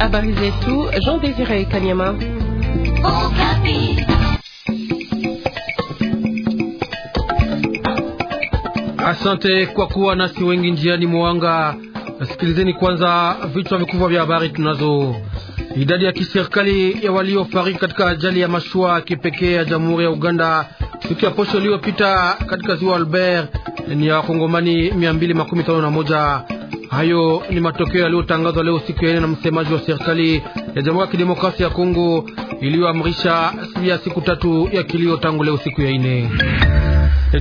Habari zetu Jean Désiré Kanyama. Asante kwa kuwa nasi wengi njiani mwanga. Sikilizeni kwanza vichwa vikubwa vya habari tunazo. Idadi ya kiserikali ya waliofariki katika ajali ya mashua kipekee ya Jamhuri ya Uganda siku ya posho iliyopita katika ziwa Albert ni ya Wakongomani moja. Hayo ni matokeo yaliyotangazwa leo siku ya nne na msemaji wa serikali ya Jamhuri ya Kidemokrasia ya Kongo iliyoamrisha ya siku tatu ya kilio tangu leo siku ya nne.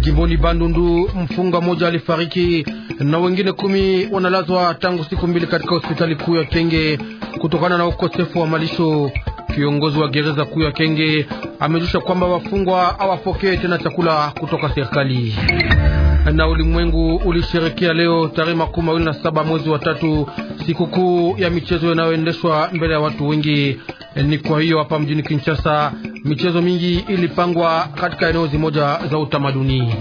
Jimboni Bandundu, mfunga mmoja alifariki na wengine kumi wanalazwa tangu siku mbili katika hospitali kuu ya Kenge kutokana na ukosefu wa malisho. Kiongozi wa gereza kuu ya Kenge amejusha kwamba wafungwa hawapokee tena chakula kutoka serikali na ulimwengu ulisherekea leo tarehe makumi mawili na saba mwezi wa tatu sikukuu ya michezo inayoendeshwa mbele ya watu wengi. Ni kwa hiyo hapa mjini Kinshasa michezo mingi ilipangwa katika eneo zimoja za utamaduni.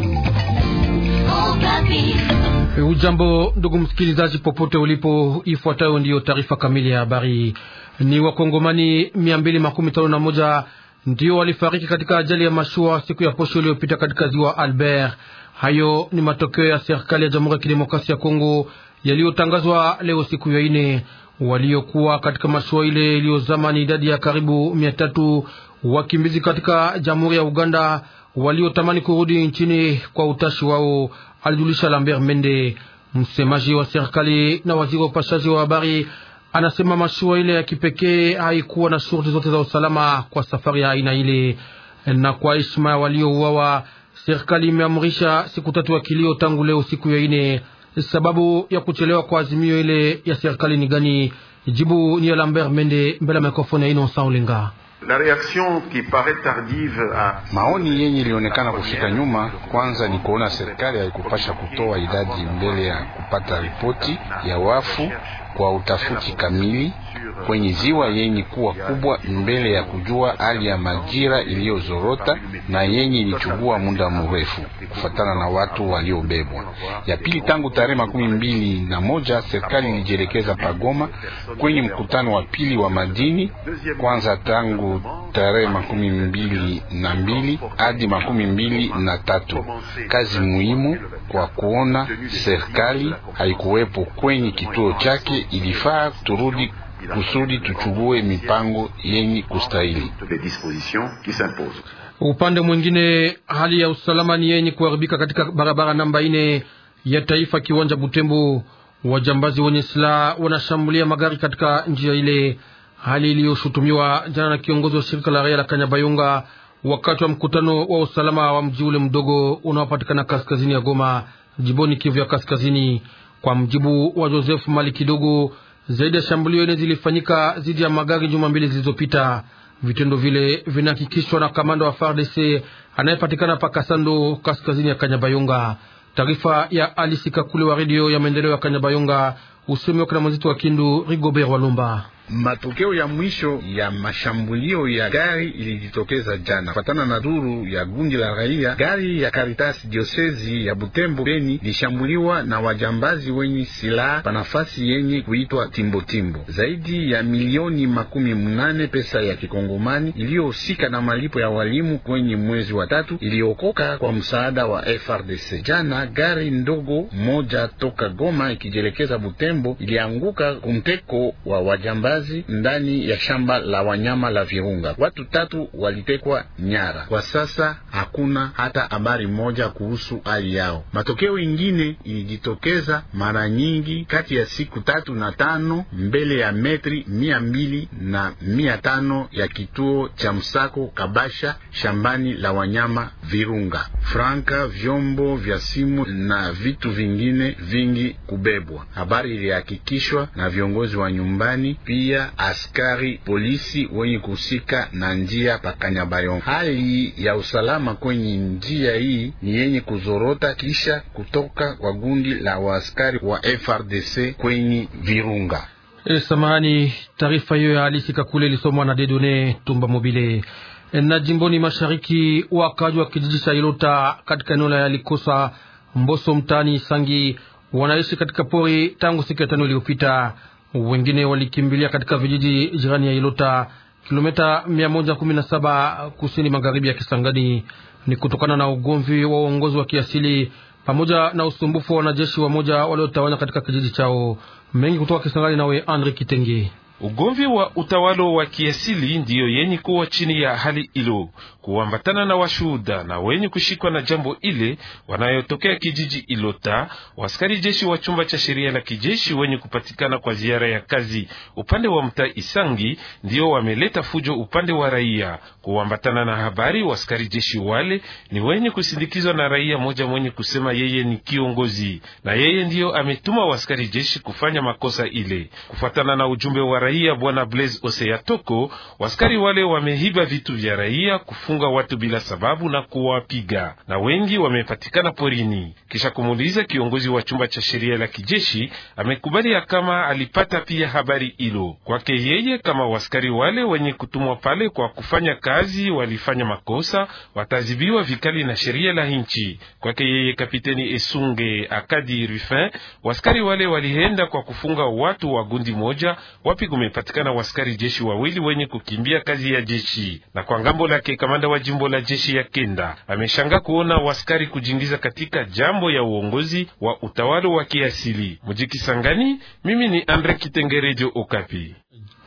Ujambo ndugu msikilizaji, popote ulipo, ifuatayo ndiyo taarifa kamili ya habari. Ni wakongomani mia mbili makumi tano na moja ndio walifariki katika ajali ya mashua siku ya posho iliyopita katika ziwa Albert. Hayo ni matokeo ya serikali ya Jamhuri ya Kidemokrasia ya Kongo yaliyotangazwa leo siku ya ine. Waliokuwa katika mashua ile iliyozama ni idadi ya karibu mia tatu wakimbizi katika Jamhuri ya Uganda waliotamani kurudi nchini kwa utashi wao, alijulisha Lambert Mende, msemaji wa serikali na waziri wa upashaji wa habari. Anasema mashua ile ya kipekee haikuwa na shurti zote za usalama kwa safari ya aina ile, na kwa heshima ya waliouawa Serikali imeamrisha siku tatu ya kilio tangu leo siku ya ine. Sababu ya kuchelewa kwa azimio ile ya serikali ni gani? Jibu ni ya Lambert Mende mbele ya mikrofoni ya Inonsa Olenga. La reaction qui paraît tardive a... maoni yenye ilionekana kufika nyuma, kwanza ni kuona serikali haikupasha kutoa idadi mbele ya kupata ripoti ya wafu kwa utafiti kamili kwenye ziwa yenye kuwa kubwa mbele ya kujua hali ya majira iliyozorota na yenye ilichukua muda mrefu kufatana na watu waliobebwa. Ya pili, tangu tarehe makumi mbili na moja serikali ilijielekeza Pagoma kwenye mkutano wa pili wa madini kwanza tangu tarehe makumi mbili na mbili hadi makumi mbili na tatu. Kazi muhimu kwa kuona serikali haikuwepo kwenye kituo chake ilifaa turudi kusudi tuchubue mipango yenye kustahili. Upande mwingine, hali ya usalama ni yenye kuharibika katika barabara namba ine ya taifa kiwanja Butembo. Wajambazi wenye silaha wanashambulia magari katika njia ile, hali iliyoshutumiwa jana na kiongozi wa shirika la raia la Kanyabayonga wakati wa mkutano wa usalama wa mji ule mdogo unaopatikana kaskazini ya Goma, jiboni Kivu ya kaskazini. Kwa mjibu wa Joseph Maliki Dogo, zaidi ya shambulio ine zilifanyika dhidi ya magari juma mbili zilizopita. Vitendo vile vinahakikishwa na kamanda wa FARDC anayepatikana pa Kasando, kaskazini ya Kanyabayonga. Taarifa ya alisi kakule wa redio ya maendeleo ya Kanyabayonga, usemi wake na mwenzetu wa Kindu Rigobert Walumba. Matokeo ya mwisho ya mashambulio ya gari ilijitokeza jana. Kufatana na duru ya gundi la raia, gari ya Caritas diosezi ya Butembo Beni lishambuliwa na wajambazi wenye silaha pa nafasi yenye kuitwa Timbotimbo. Zaidi ya milioni makumi mnane pesa ya kikongomani iliyohusika na malipo ya walimu kwenye mwezi wa tatu iliokoka kwa msaada wa FRDC. Jana gari ndogo moja toka Goma ikijielekeza Butembo ilianguka kumteko wa wajambazi kazi ndani ya shamba la wanyama la Virunga. Watu tatu walitekwa nyara. Kwa sasa hakuna hata habari moja kuhusu hali yao. Matokeo ingine ilijitokeza mara nyingi kati ya siku tatu na tano mbele ya metri mia mbili na mia tano ya kituo cha msako Kabasha, shambani la wanyama Virunga. Franka, vyombo vya simu na vitu vingine vingi kubebwa. Habari ilihakikishwa na viongozi wa nyumbani pia pia askari polisi wenye kuhusika na njia Pakanyabayonga. Hali ya usalama kwenye njia hii ni yenye kuzorota kisha kutoka kwa gundi la waaskari wa FRDC kwenye Virunga. E, samahani, taarifa hiyo ya Alisi Kakule ilisomwa na Dedone Tumba Mobile. E, na jimboni mashariki, wakaji wa kijiji cha Ilota katika eneo la Yalikosa Mboso mtani Sangi wanaishi katika pori tangu siku ya tano iliyopita wengine walikimbilia katika vijiji jirani ya Ilota, kilomita 117 kusini magharibi ya Kisangani. Ni kutokana na ugomvi wa uongozi wa kiasili pamoja na usumbufu wa wanajeshi moja waliotawanya katika kijiji chao. Mengi kutoka Kisangani, nawe Andre Kitenge. Ugomvi wa utawalo wa kiasili ndiyo yenye kuwa chini ya hali ilo kuambatana na washuhuda na wenye kushikwa na jambo ile wanayotokea kijiji Ilota. Waskari jeshi wa chumba cha sheria la kijeshi wenye kupatikana kwa ziara ya kazi upande wa mtaa Isangi ndio wameleta fujo upande wa raia. Kuambatana na habari, waskari jeshi wale ni wenye kusindikizwa na raia moja mwenye kusema yeye ni kiongozi na yeye ndiyo ametuma waskari jeshi kufanya makosa ile. Kufuatana na ujumbe wa raia, bwana Blaise Oseyatoko, waskari wale wamehiba vitu vya raia kufu kuwafunga watu bila sababu na kuwapiga, na wengi wamepatikana porini. Kisha kumuuliza, kiongozi wa chumba cha sheria la kijeshi amekubali ya kama alipata pia habari hilo kwake yeye, kama waskari wale wenye kutumwa pale kwa kufanya kazi walifanya makosa, watazibiwa vikali na sheria la nchi. Kwake yeye, Kapiteni Esunge Akadi Rufin, waskari wale walienda kwa kufunga watu wa gundi moja, wapi kumepatikana waskari jeshi wawili wenye kukimbia kazi ya jeshi, na kwa ngambo lake kama kamanda wa jimbo la jeshi ya Kenda ameshanga kuona waskari kujingiza katika jambo ya uongozi wa utawala wa kiasili. Mujikisangani, mimi ni Andre Kitengerejo, Okapi.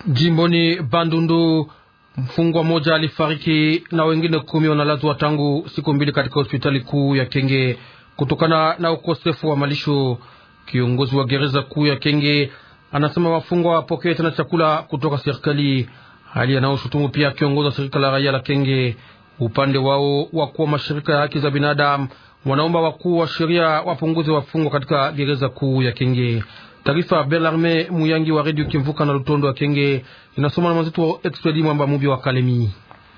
Jimboni Bandundu, mfungwa moja alifariki na wengine kumi wanalazwa tangu siku mbili katika hospitali kuu ya Kenge kutokana na ukosefu wa malisho. Kiongozi wa gereza kuu ya Kenge anasema wafungwa wapokee tena chakula kutoka serikali hali yanayoshutumu pia kiongozi wa shirika la raia la Kenge. Upande wao wakuu wa mashirika ya haki za binadamu wanaomba wakuu wa sheria wapunguze wafungwa katika gereza kuu ya Kenge. Taarifa Belarme Muyangi wa redio Kimvuka na Lutondo wa Kenge inasoma na mwenzetu wa Mwamba Mubi wa Kalemi.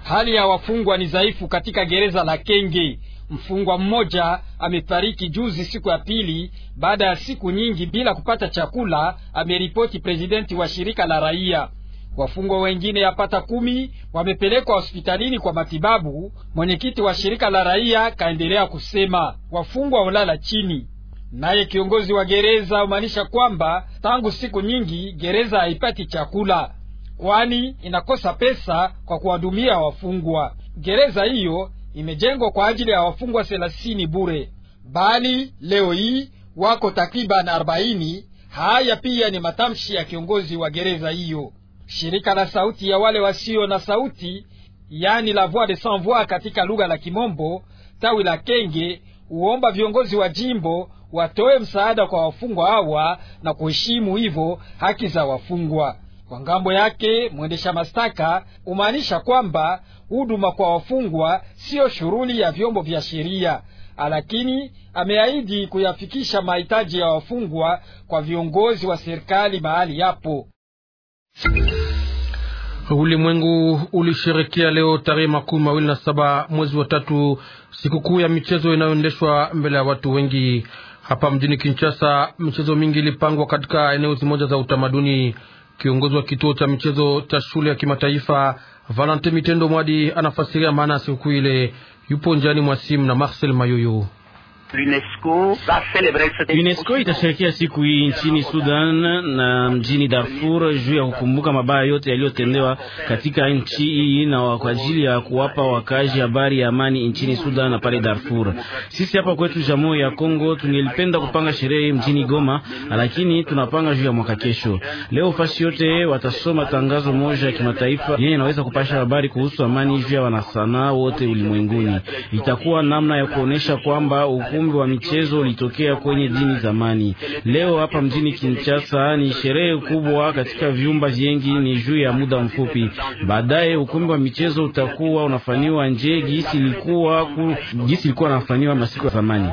Hali ya wafungwa ni dhaifu katika gereza la Kenge. Mfungwa mmoja amefariki juzi siku ya pili baada ya siku nyingi bila kupata chakula, ameripoti prezidenti wa shirika la raia. Wafungwa wengine yapata kumi wamepelekwa hospitalini kwa matibabu. Mwenyekiti wa shirika la raia kaendelea kusema wafungwa ulala chini. Naye kiongozi wa gereza umaanisha kwamba tangu siku nyingi gereza haipati chakula, kwani inakosa pesa kwa kuwadumia wafungwa. Gereza hiyo imejengwa kwa ajili ya wafungwa thelathini bure, bali leo hii wako takriban arobaini. Haya pia ni matamshi ya kiongozi wa gereza hiyo shirika la sauti ya wale wasio na sauti, yani la voix de sans voix katika lugha la Kimombo, tawi la Kenge, huomba viongozi wa jimbo watoe msaada kwa wafungwa hawa na kuheshimu hivyo haki za wafungwa. Kwa ngambo yake mwendesha mastaka humaanisha kwamba huduma kwa wafungwa siyo shughuli ya vyombo vya sheria, lakini ameahidi kuyafikisha mahitaji ya wafungwa kwa viongozi wa serikali mahali yapo. Ulimwengu ulisherekea leo tarehe makumi mawili na saba mwezi wa tatu sikukuu ya michezo inayoendeshwa mbele ya watu wengi hapa mjini Kinshasa. Michezo mingi ilipangwa katika eneo zimoja za utamaduni. Kiongozi wa kituo cha michezo cha shule ya kimataifa Valente Mitendo Mwadi anafasiria maana ya sikukuu ile, yupo njiani mwa simu na Marcel Mayuyu. UNESCO itasherekea siku hii nchini Sudan na mjini Darfur juu ya kukumbuka mabaya yote yaliyotendewa katika nchi hii na kwa ajili ya kuwapa wakazi habari ya amani nchini Sudan na pale Darfur. Sisi hapa kwetu Jamhuri ya Kongo tungelipenda kupanga sherehe mjini Goma, lakini tunapanga juu ya mwaka kesho. Leo fasi yote watasoma tangazo moja ya kimataifa yenye inaweza kupasha habari kuhusu amani juu ya wanasanaa wote ulimwenguni. Itakuwa namna ya kuonesha kwamba uku ukumbi wa michezo ulitokea kwenye dini zamani. Leo hapa mjini Kinshasa ni sherehe kubwa katika vyumba vingi, ni juu ya muda mfupi baadaye ukumbi wa michezo utakuwa unafanywa nje gisi ilikuwa ku, gisi ilikuwa nafanywa masiku ya zamani.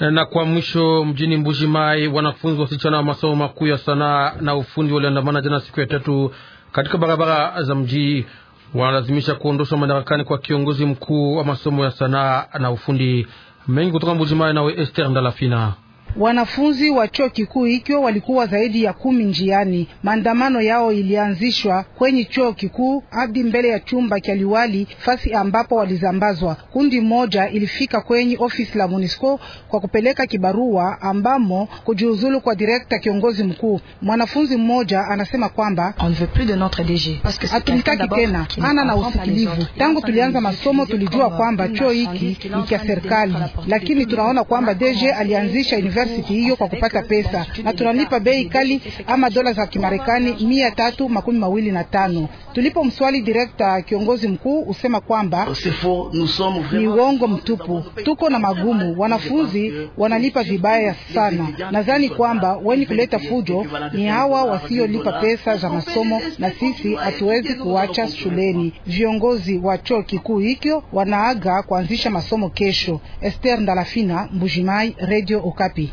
Eh, na kwa mwisho, mjini mbuji mai wanafunzi wasichana wa masomo makuu ya sanaa na ufundi waliandamana jana siku ya tatu katika barabara za mji wanalazimisha kuondoshwa madarakani kwa kiongozi mkuu wa masomo ya sanaa na ufundi mengi kutoka Mbujimai. Nawe Esther Ndalafina. Wanafunzi wa chuo kikuu hicho walikuwa zaidi ya kumi njiani. Maandamano yao ilianzishwa kwenye chuo kikuu hadi mbele ya chumba cha liwali, fasi ambapo walizambazwa. Kundi moja ilifika kwenye ofisi la MONUSCO kwa kupeleka kibarua ambamo kujiuzulu kwa direkta kiongozi mkuu. Mwanafunzi mmoja anasema kwamba hatumtaki tena, ana na usikilivu. Tangu tulianza masomo tulijua kwamba chuo hiki ni cha serikali, lakini tunaona kwamba DG alianzisha university tunanunua hiyo kwa kupata pesa na tunalipa bei kali ama dola za Kimarekani mia tatu makumi mawili na tano. Tulipo mswali direkta kiongozi mkuu usema kwamba ni uongo mtupu, tuko na magumu, wanafunzi wanalipa vibaya sana. Nadhani kwamba wenye kuleta fujo ni hawa wasiolipa pesa za masomo, na sisi hatuwezi kuwacha shuleni. Viongozi wa chuo kikuu hikyo wanaaga kuanzisha masomo kesho. Esther Ndalafina, Mbujimai, Radio Okapi.